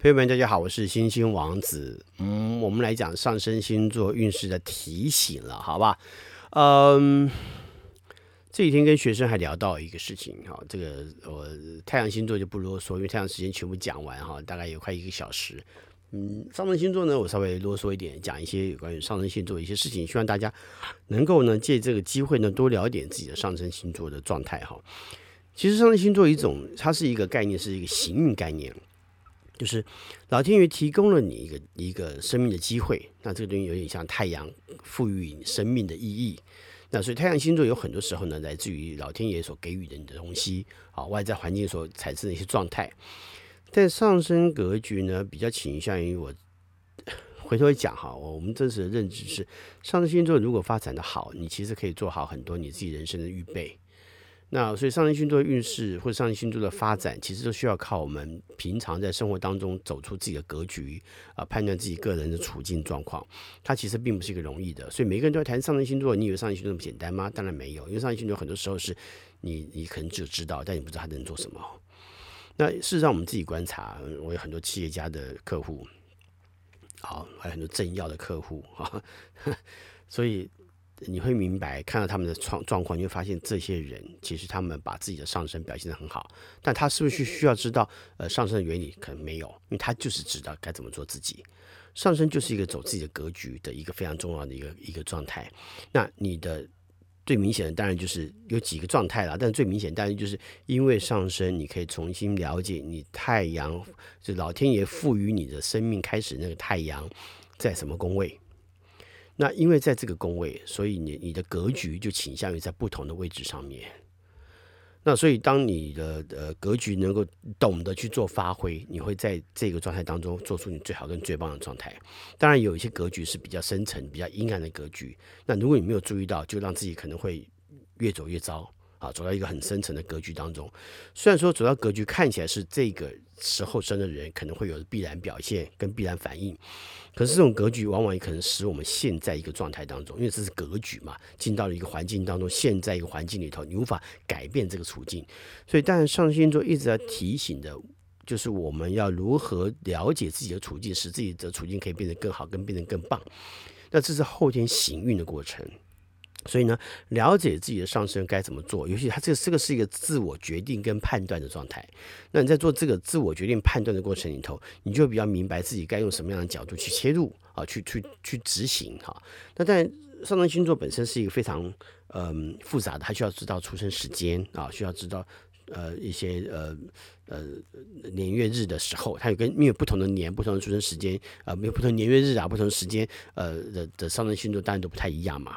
朋友們，大家好，我是星星王子。嗯，我們來講上升星座運勢的提醒了，好吧？嗯，這幾天跟學生還聊到一個事情哈，這個我太陽星座就不囉嗦，因為太陽時間全部講完哈，大概有快一個小時。嗯，上升星座呢，我稍微囉嗦一點，講一些有關於上升星座一些事情，希望大家能夠呢借這個機會呢多聊點自己的上升星座的狀態哈。其實上升星座一種，它是一個概念，是一個行運概念。就是老天爺提供了你一個你一個生命的機會，那這個東西有點像太陽賦予你生命的意義，那所以太陽星座有很多時候呢，來自於老天爺所給予的你的東西啊、哦，外在環境所產生的一些狀態。但上升格局呢，比較傾向於我回頭一講哈，我我們真實的認知是，上升星座如果發展得好，你其實可以做好很多你自己人生的預備。那所以，上升星座的運勢或者上升星座的發展，其實都需要靠我們平常在生活當中走出自己的格局啊，判斷自己個人的處境狀況。它其實並不是一個容易的，所以每個人都要談上升星座。你以為上升星座那麼簡單嗎？當然沒有，因為上升星座很多時候是你，你可能就知道，但你不知道他能做什麼。那事實上，我們自己觀察，我有很多企業家的客戶，好，還有很多政要的客戶，呵呵，所以。你會明白，看到他們的狀狀況你會發現這些人其實他們把自己的上升表現得很好，但他是不是需要知道呃上升的原理？可能沒有，因為他就是知道該怎麼做自己。上升就是一個走自己的格局的一個非常重要的一個一個狀態。那你的最明顯的當然就是有幾個狀態了，但最明顯的當然就是因為上升，你可以重新了解你太陽，就老天爺賦予你的生命開始那個太陽在什麼宮位。那因為在這個宮位，所以你你的格局就傾向於在不同的位置上面。那所以當你的呃格局能夠懂得去做發揮，你會在這個狀態當中做出你最好跟最棒的狀態。當然有一些格局是比較深層、比較陰暗的格局，那如果你沒有注意到，就讓自己可能會越走越糟。啊，走到一個很深層的格局當中，雖然說主要格局看起來是這個時候生的人可能會有必然表現跟必然反應，可是這種格局往往也可能使我們陷在一個狀態當中，因為這是格局嘛，進到了一個環境當中，陷在一個環境裡頭，你無法改變這個處境。所以，當然，上升星座一直在提醒的，就是我們要如何了解自己的處境，使自己的處境可以變得更好，跟變得更棒。那這是後天行運的過程。所以呢，了解自己的上升該怎麼做，尤其他這個這個是一個自我決定跟判斷的狀態。那你在做這個自我決定判斷的過程裡頭，你就比較明白自己該用什麼樣的角度去切入啊，去去去執行哈、啊。那在上升星座本身是一個非常嗯複雜的，它需要知道出生時間啊，需要知道。呃，一些呃呃年月日的時候，它有跟因為不同的年、不同的出生時間啊、呃，沒有不同的年月日啊、不同時間，呃的的上升星座當然都不太一樣嘛。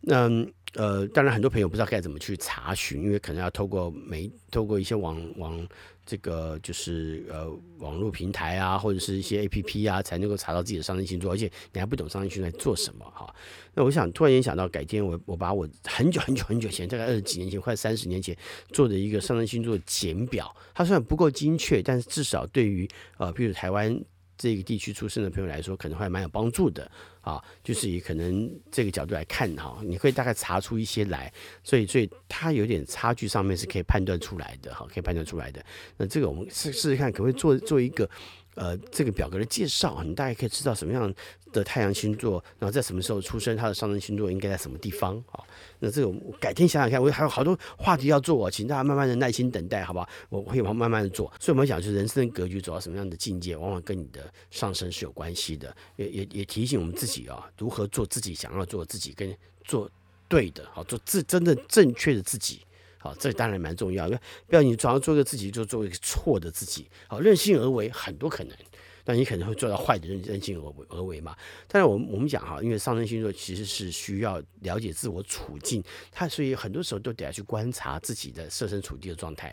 那、嗯呃，當然，很多朋友不知道該怎麼去查詢，因為可能要透過媒、透過一些網網這個就是呃網絡平台啊，或者是一些 A P P 啊，才能夠查到自己的上升星座，而且你還不懂上升星座在做什麼哈。那我想突然間想到，改天我我把我很久很久很久前，大概二十幾年前，快三十年前做的一個上升星座的簡表，它雖然不夠精確，但是至少對於呃，比如台灣。這個地區出生的朋友來說，可能會蠻有幫助的啊。就是以可能這個角度來看哈、啊，你可以大概查出一些來，所以所以它有點差距，上面是可以判斷出來的，好，可以判斷出來的。那這個我們試試試看，可不可以做做一個？呃，這個表格的介紹，你大概可以知道什麼樣的太陽星座，然後在什麼時候出生，它的上升星座應該在什麼地方啊、哦？那這個我改天想想看，我還有好多話題要做。我請大家慢慢的耐心等待，好吧？我會往慢慢的做。所以，我們講，就是人生格局走到什麼樣的境界，往往跟你的上升是有關係的。也也也提醒我們自己啊、哦，如何做自己想要做自己跟做對的，好、哦、做自真正正確的自己。好，這當然蠻重要，因為不要你，主要做個自己，就做一個錯的自己。好，任性而為，很多可能，那你可能會做到壞的任性而為而為嘛？但是，我我們講哈，因為上升星座其實是需要了解自我處境，它所以很多時候都得要去觀察自己的設身處地的狀態。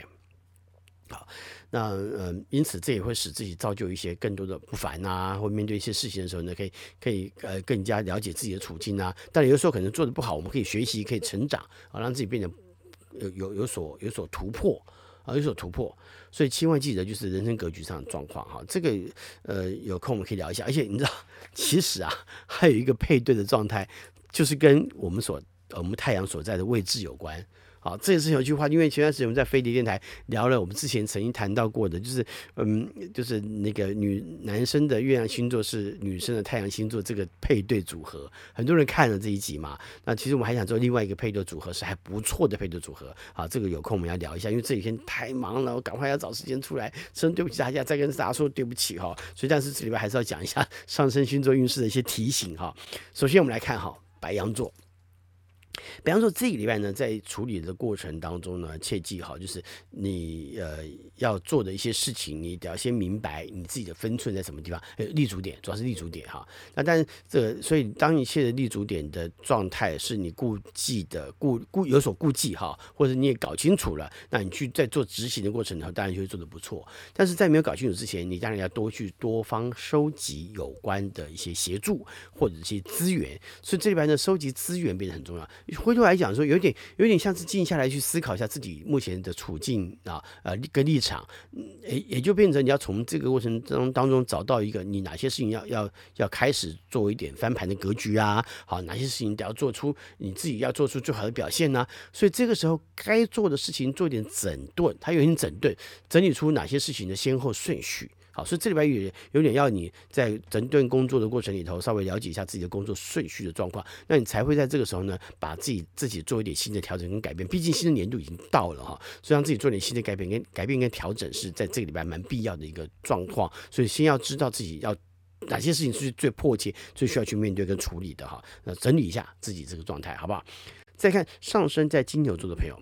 好，那嗯，呃，因此這也會使自己造就一些更多的不凡啊，或面對一些事情的時候呢，可以可以呃更加了解自己的處境啊。但有的時候可能做的不好，我們可以學習，可以成長，好讓自己變得，有有有所有所突破啊，有所突破，所以千萬記得就是人生格局上的狀況哈。這個呃有空我們可以聊一下，而且你知道，其實啊還有一個配對的狀態，就是跟我們所我們太陽所在的位置有關。好，這也是有句話，因為前段時間我們在飛碟電台聊了，我們之前曾經談到過的，就是嗯，就是那個女男生的月亮星座是女生的太陽星座這個配對組合，很多人看了這一集嘛。那其實我們還想做另外一個配對組合，是還不錯的配對組合。啊，這個有空我們要聊一下，因為這幾天太忙了，我趕快要找時間出來，真對不起大家，再跟大家說對不起哈、哦。所以但是這裡邊還是要講一下上升星座運勢的一些提醒哈、哦。首先我們來看哈，白羊座。比方說，這個禮拜呢，在處理的過程當中呢，切記好，就是你呃要做的一些事情，你得要先明白你自己的分寸在什麼地方，呃，立足點主要是立足點哈。那但是這個，所以當一切的立足點的狀態是你顧忌的顧顧有所顧忌哈，或者你也搞清楚了，那你去在做執行的過程的話，當然就會做得不錯。但是在沒有搞清楚之前，你當然要多去多方收集有關的一些協助或者一些資源，所以這裡邊呢，收集資源變得很重要。回頭來講，說有點有點像是靜下來去思考一下自己目前的處境啊，呃，立跟立場，也也就變成你要從這個過程當中當中找到一個你哪些事情要要要開始做一點翻盤的格局啊，好，哪些事情得要做出你自己要做出最好的表現呢、啊？所以這個時候該做的事情做一點整頓，它有點整頓整理出哪些事情的先後順序。好，所以這禮拜有有點要你在整頓工作的過程裡頭，稍微了解一下自己的工作順序的狀況，那你才會在這個時候呢，把自己自己做一點新的調整跟改變。畢竟新的年度已經到了哈，所以讓自己做點新的改變跟改變跟調整是在這個禮拜蠻必要的一個狀況。所以先要知道自己要哪些事情是最迫切、最需要去面對跟處理的哈，那整理一下自己這個狀態好不好？再看上升在金牛座的朋友。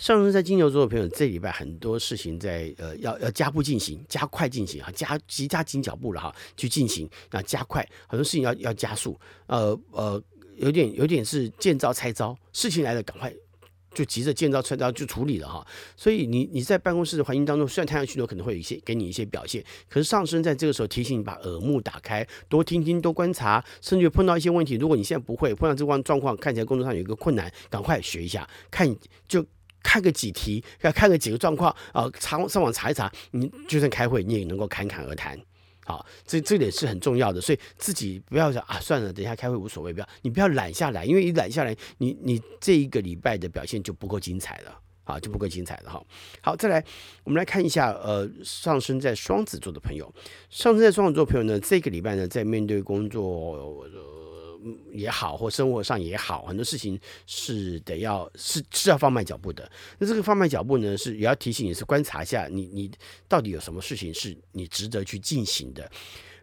上升在金牛座的朋友，這禮拜很多事情在呃要要加步進行，加快進行啊，加急加緊腳步了哈，去進行那加快，很多事情要要加速，呃呃，有點有點是見招拆招，事情來了趕快就急着見招拆招就處理了哈。所以你你在辦公室的環境當中，雖然太陽星座可能會有一些給你一些表現，可是上升在這個時候提醒你把耳目打開，多聽聽多觀察，甚至碰到一些問題，如果你現在不會，碰到這關狀況，看起來工作上有一個困難，趕快學一下，看就。看個幾題，要看個幾個狀況啊，查上網查一查，你就算開會你也能夠侃侃而談，好，這這點是很重要的，所以自己不要想啊，算了，等一下開會無所謂，不要你不要懶下來，因為你懶下來，你你這一個禮拜的表現就不夠精彩了，啊，就不夠精彩了哈。好，再來，我們來看一下，呃，上升在雙子座的朋友，上升在雙子座的朋友呢，這個禮拜呢，在面對工作。呃嗯，也好，或生活上也好，很多事情是得要是是要放慢腳步的。那這個放慢腳步呢，是也要提醒你是觀察一下你，你你到底有什麼事情是你值得去進行的。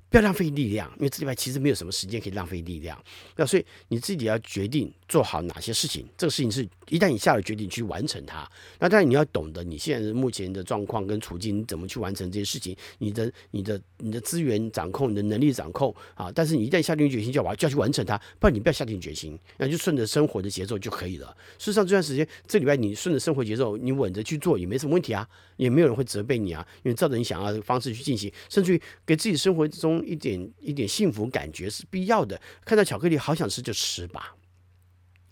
不要浪費力量，因為這禮拜其實沒有什麼時間可以浪費力量。那所以你自己要決定做好哪些事情。這個事情是一旦你下了決定去完成它，那當然你要懂得你現在目前的狀況跟處境，怎麼去完成這些事情。你的、你的、你的資源掌控，你的能力掌控啊。但是你一旦下定決心就要完就要去完成它，不然你不要下定決心，那就順着生活的節奏就可以了。事實上這段時間這禮拜你順着生活節奏，你穩着去做也沒什麼問題啊，也沒有人會責備你啊，因為照着你想要的方式去進行，甚至於給自己生活中。一點一點幸福感覺是必要的，看到巧克力好想吃就吃吧，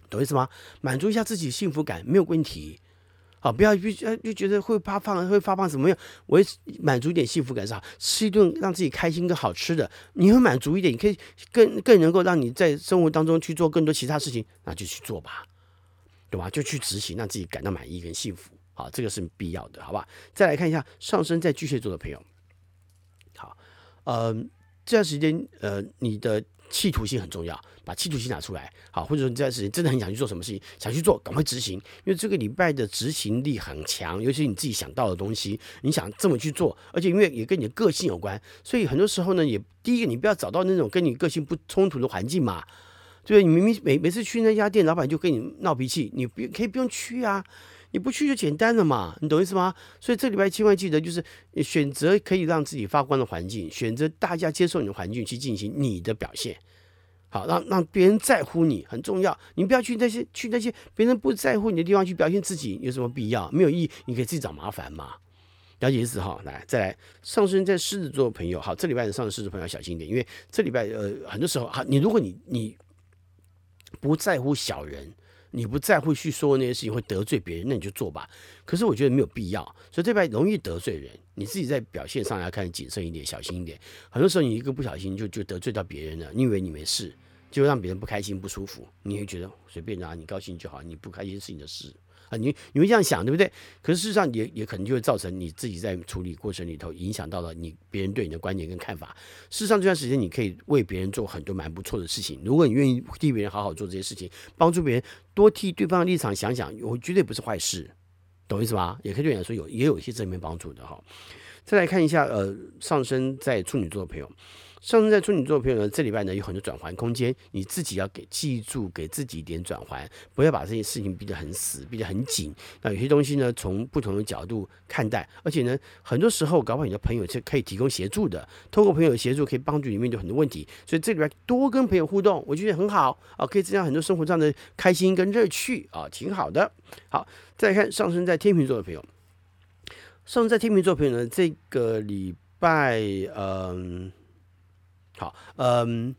懂意思嗎？滿足一下自己幸福感沒有問題，好，不要就就覺得會發胖會發胖怎麼樣？我會滿足一點幸福感是好，吃一頓讓自己開心跟好吃的，你會滿足一點，你可以更更能夠讓你在生活當中去做更多其他事情，那就去做吧，對吧？就去執行，讓自己感到滿意跟幸福，好，這個是必要的，好吧？再來看一下上升在巨蟹座的朋友。呃，這段時間，呃，你的企圖心很重要，把企圖心拿出來，好，或者說你這段時間真的很想去做什麼事情，想去做，趕快執行，因為這個禮拜的執行力很強，尤其是你自己想到的東西，你想這麼去做，而且因為也跟你的個性有關，所以很多時候呢，也第一個，你不要找到那種跟你個性不衝突的環境嘛，對不對？你明明每每，每次去那家店，老闆就跟你鬧脾氣，你不可以不用去啊。你不去就簡單了嘛，你懂意思嗎？所以這禮拜千萬記得，就是選擇可以讓自己發光的環境，選擇大家接受你的環境去進行你的表現。好，讓讓別人在乎你很重要。你不要去那些去那些別人不在乎你的地方去表現自己，有什麼必要？沒有意義，你可以自己找麻煩嘛。了解意思哈？來，再來，上升在獅子座的朋友，好，這禮拜的上升獅子的朋友小心一點，因為這禮拜呃很多時候，好，你如果你你不在乎小人。你不在乎去說那些事情會得罪別人，那你就做吧。可是我覺得沒有必要，所以這邊容易得罪人。你自己在表現上來看，謹慎一點，小心一點。很多時候你一個不小心就就得罪到別人了，你以為你沒事。就讓別人不開心不舒服，你會覺得隨便啊，你高興就好，你不開心是你的事啊，你你會這樣想對不對？可是事實上也也可能就會造成你自己在處理過程裡頭影響到了你別人對你的觀點跟看法。事實上這段時間你可以為別人做很多蠻不錯的事情，如果你願意替別人好好做這些事情，幫助別人多替對方的立場想想，我絕對不是壞事，懂意思嗎？也可以對你來說有，有也有一些正面幫助的哈、哦。再來看一下呃上升在處女座的朋友。上升在處女座的朋友呢，這禮拜呢有很多轉圜空間，你自己要給記住，給自己一點轉圜，不要把這些事情逼得很死，逼得很緊。那有些東西呢，從不同的角度看待，而且呢，很多時候搞不好你的朋友是可以提供協助的，透過朋友的協助，可以幫助你面對很多問題。所以這裡邊多跟朋友互動，我覺得很好啊，可以增加很多生活上的開心跟樂趣啊，挺好的。好，再來看上升在天秤座的朋友，上升在天秤座的朋友呢，這個禮拜嗯。呃好，嗯，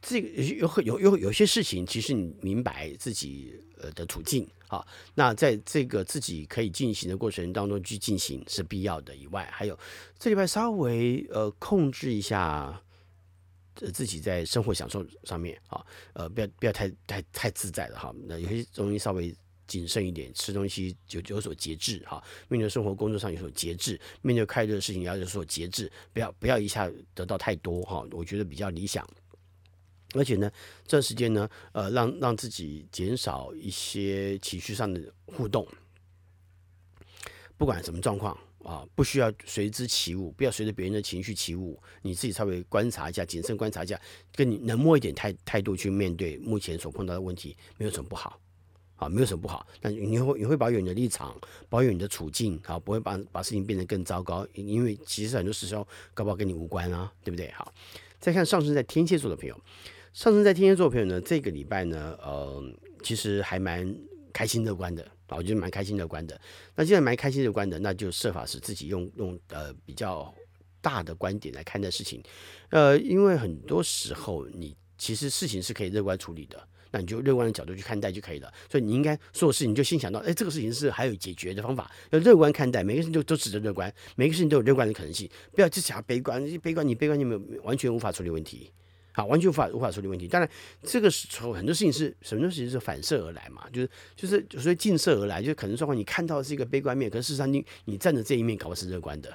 這個有有有有，有些事情，其實你明白自己呃的處境，好，那在這個自己可以進行的過程當中去進行是必要的以外，還有這禮拜稍微呃控制一下，自己在生活享受上面啊，呃，不要不要太太太自在了哈。那有些容易稍微。謹慎一點，吃東西就有，有所節制哈、啊。面對生活、工作上有所節制，面對快樂的事情也要有所節制，不要不要一下得到太多哈、啊。我覺得比較理想。而且呢，這段時間呢，呃，讓讓自己減少一些情緒上的互動。不管什麼狀況啊，不需要隨之起舞，不要隨着別人的情緒起舞。你自己稍微觀察一下，謹慎觀察一下，跟你冷漠一點態態度去面對目前所碰到的問題，沒有什麼不好。啊，沒有什麼不好，但你會你會保有你的立場，保有你的處境，啊，不會把把事情變得更糟糕，因為其實很多時候搞不好跟你無關啊，對不對？好，再看上升在天蠍座的朋友，上升在天蠍座的朋友呢，這個禮拜呢，呃，其實還蠻開心樂觀的啊，我覺得蠻開心樂觀的。那既然蠻開心樂觀的，那就設法使自己用用呃比較大的觀點來看待事情，呃，因為很多時候你其實事情是可以樂觀處理的。那你就樂觀的角度去看待就可以了，所以你應該做事情就先想到，哎，這個事情是還有解決的方法，要樂觀看待，每個事情都都值得樂觀，每個事情都有樂觀的可能性，不要只想要悲觀，悲觀你悲觀你悲觀就沒有完全無法處理問題，啊，完全無法無法處理問題。當然，這個時候很多事情是什麼東西是反射而來嘛，就是就是所謂、就是、鏡射而來，就可能狀況你看到是一個悲觀面，可是事實上你你站的這一面，搞不好是樂觀的，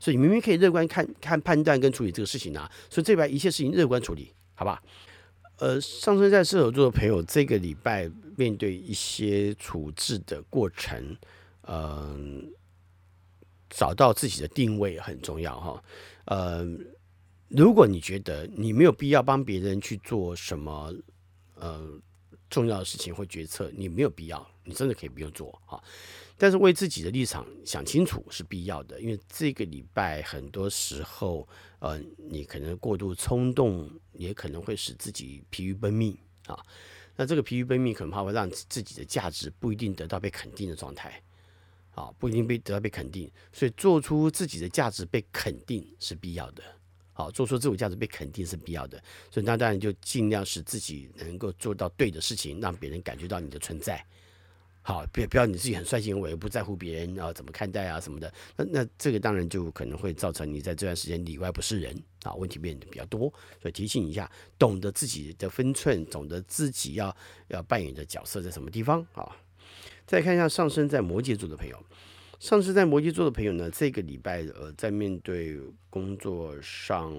所以你明明可以樂觀看看判斷跟處理這個事情啊，所以這邊一切事情樂觀處理，好吧。呃，上升在射手座的朋友，這個禮拜面對一些處置的過程，嗯、呃，找到自己的定位很重要哈、哦。呃，如果你覺得你沒有必要幫別人去做什麼呃重要的事情或決策，你沒有必要，你真的可以不用做哈。哦但是為自己的立場想清楚是必要的，因為這個禮拜很多時候，呃，你可能過度衝動，也可能會使自己疲於奔命啊。那這個疲於奔命，恐怕會讓自己的價值不一定得到被肯定的狀態啊，不一定被得到被肯定。所以做出自己的價值被肯定是必要的，好、啊，做出自我價值被肯定是必要的。所以那當然就儘量使自己能夠做到對的事情，讓別人感覺到你的存在。好，別不要你自己很帥氣，因為，不在乎別人啊怎麼看待啊什麼的，那那這個當然就可能會造成你在這段時間裡外不是人啊，問題變得比較多，所以提醒一下，懂得自己的分寸，懂得自己要要扮演的角色在什麼地方啊。再看一下上升在摩羯座的朋友，上升在摩羯座的朋友呢，這個禮拜呃，在面對工作上，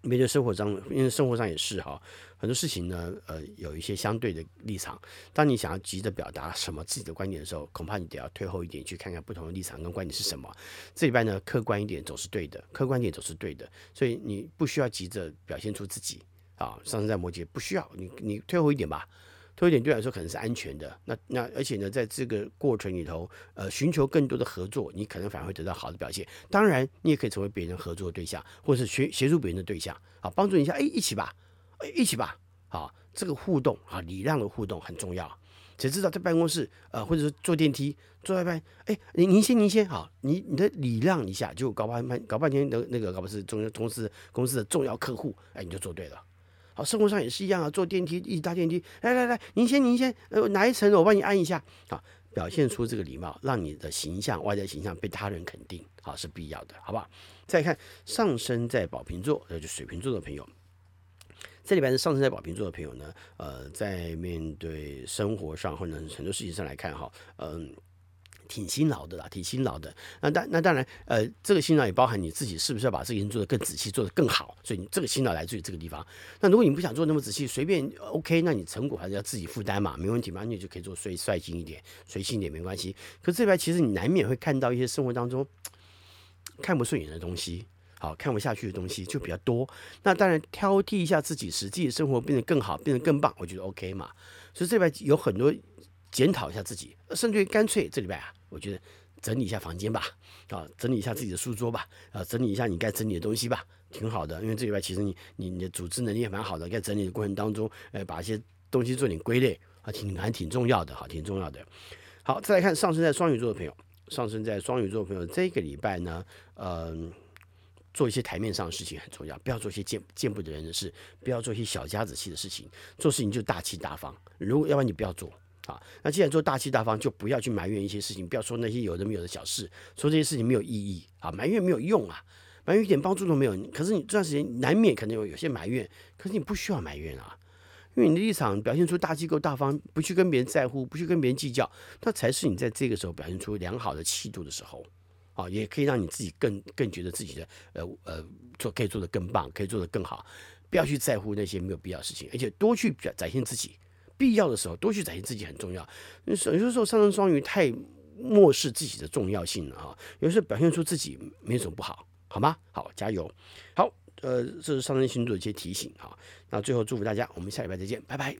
面對生活上，因為生活上也是哈。啊很多事情呢，呃，有一些相對的立場。當你想要急着表達什麼自己的觀點的時候，恐怕你得要退後一點，去看看不同的立場跟觀點是什麼。這一邊呢，客觀一點總是對的，客觀一點總是對的。所以你不需要急着表現出自己啊。上升在摩羯，不需要你，你退後一點吧，退後一點，對來說可能是安全的。那那而且呢，在這個過程裡頭，呃，尋求更多的合作，你可能反而會得到好的表現。當然，你也可以成為別人合作的對象，或者是協協助別人的對象啊，幫助一下，誒，一起吧。一起吧，好，這個互動啊，禮讓的互動很重要。誰知道在辦公室啊、呃，或者是坐電梯、坐外班，哎，您您先您先好，你你的禮讓一下，就搞半半、那個、搞半天的，那個搞不是中公司公司的重要客戶，哎，你就做對了。好，生活上也是一樣啊，坐電梯一起搭電梯，來來來，您先您先，呃，哪一層我幫你按一下啊，表現出這個禮貌，讓你的形象外在形象被他人肯定好，是必要的，好不好？再看上升在寶瓶座，就是、水瓶座的朋友。這裡邊是上升在寶瓶座的朋友呢，呃，在面對生活上或者很多事情上來看哈，嗯、呃，挺辛勞的啦，挺辛勞的。那當那當然，呃，這個辛勞也包含你自己是不是要把這個事情做得更仔細，做得更好。所以你這個辛勞來自於這個地方。那如果你不想做那麼仔細，隨便 OK，那你成果還是要自己負擔嘛，沒問題嘛，你就可以做隨帥氣一點，隨性一點沒關係。可是這裡邊其實你難免會看到一些生活當中看不順眼的東西。好，看不下去的東西就比較多，那當然挑剔一下自己，實際生活變得更好，變得更棒，我覺得 OK 嘛。所以這邊有很多檢討一下自己，甚至於乾脆這禮拜啊，我覺得整理一下房間吧，啊，整理一下自己的書桌吧，啊，整理一下你該整理的東西吧，挺好的。因為這禮拜其實你你你的組織能力也蠻好的，該整理的過程當中，哎、呃，把一些東西做點歸類還、啊、挺還挺重要的，哈，挺重要的。好，再來看上升在雙魚座的朋友，上升在雙魚座朋友這個禮拜呢，嗯。做一些台面上的事情很重要，不要做一些見見不得人的事，不要做一些小家子氣的事情。做事情就大器大方，如果要不然你不要做啊。那既然做大器大方，就不要去埋怨一些事情，不要說那些有的沒有的小事，說這些事情沒有意義啊，埋怨沒有用啊，埋怨一點幫助都沒有。可是你這段時間難免可能有有些埋怨，可是你不需要埋怨啊，因為你的立場表現出大器大方，不去跟別人在乎，不去跟別人計較，那才是你在這個時候表現出良好的氣度的時候。啊、哦，也可以讓你自己更更覺得自己的，呃呃，做可以做得更棒，可以做得更好，不要去在乎那些沒有必要的事情，而且多去展現自己，必要的時候多去展現自己很重要。有些時候上升雙魚太漠視自己的重要性了啊，有時候表現出自己沒什麼不好，好嗎？好，加油，好，呃，這是上升星座的一些提醒啊、哦。那最後祝福大家，我們下禮拜再見，拜拜。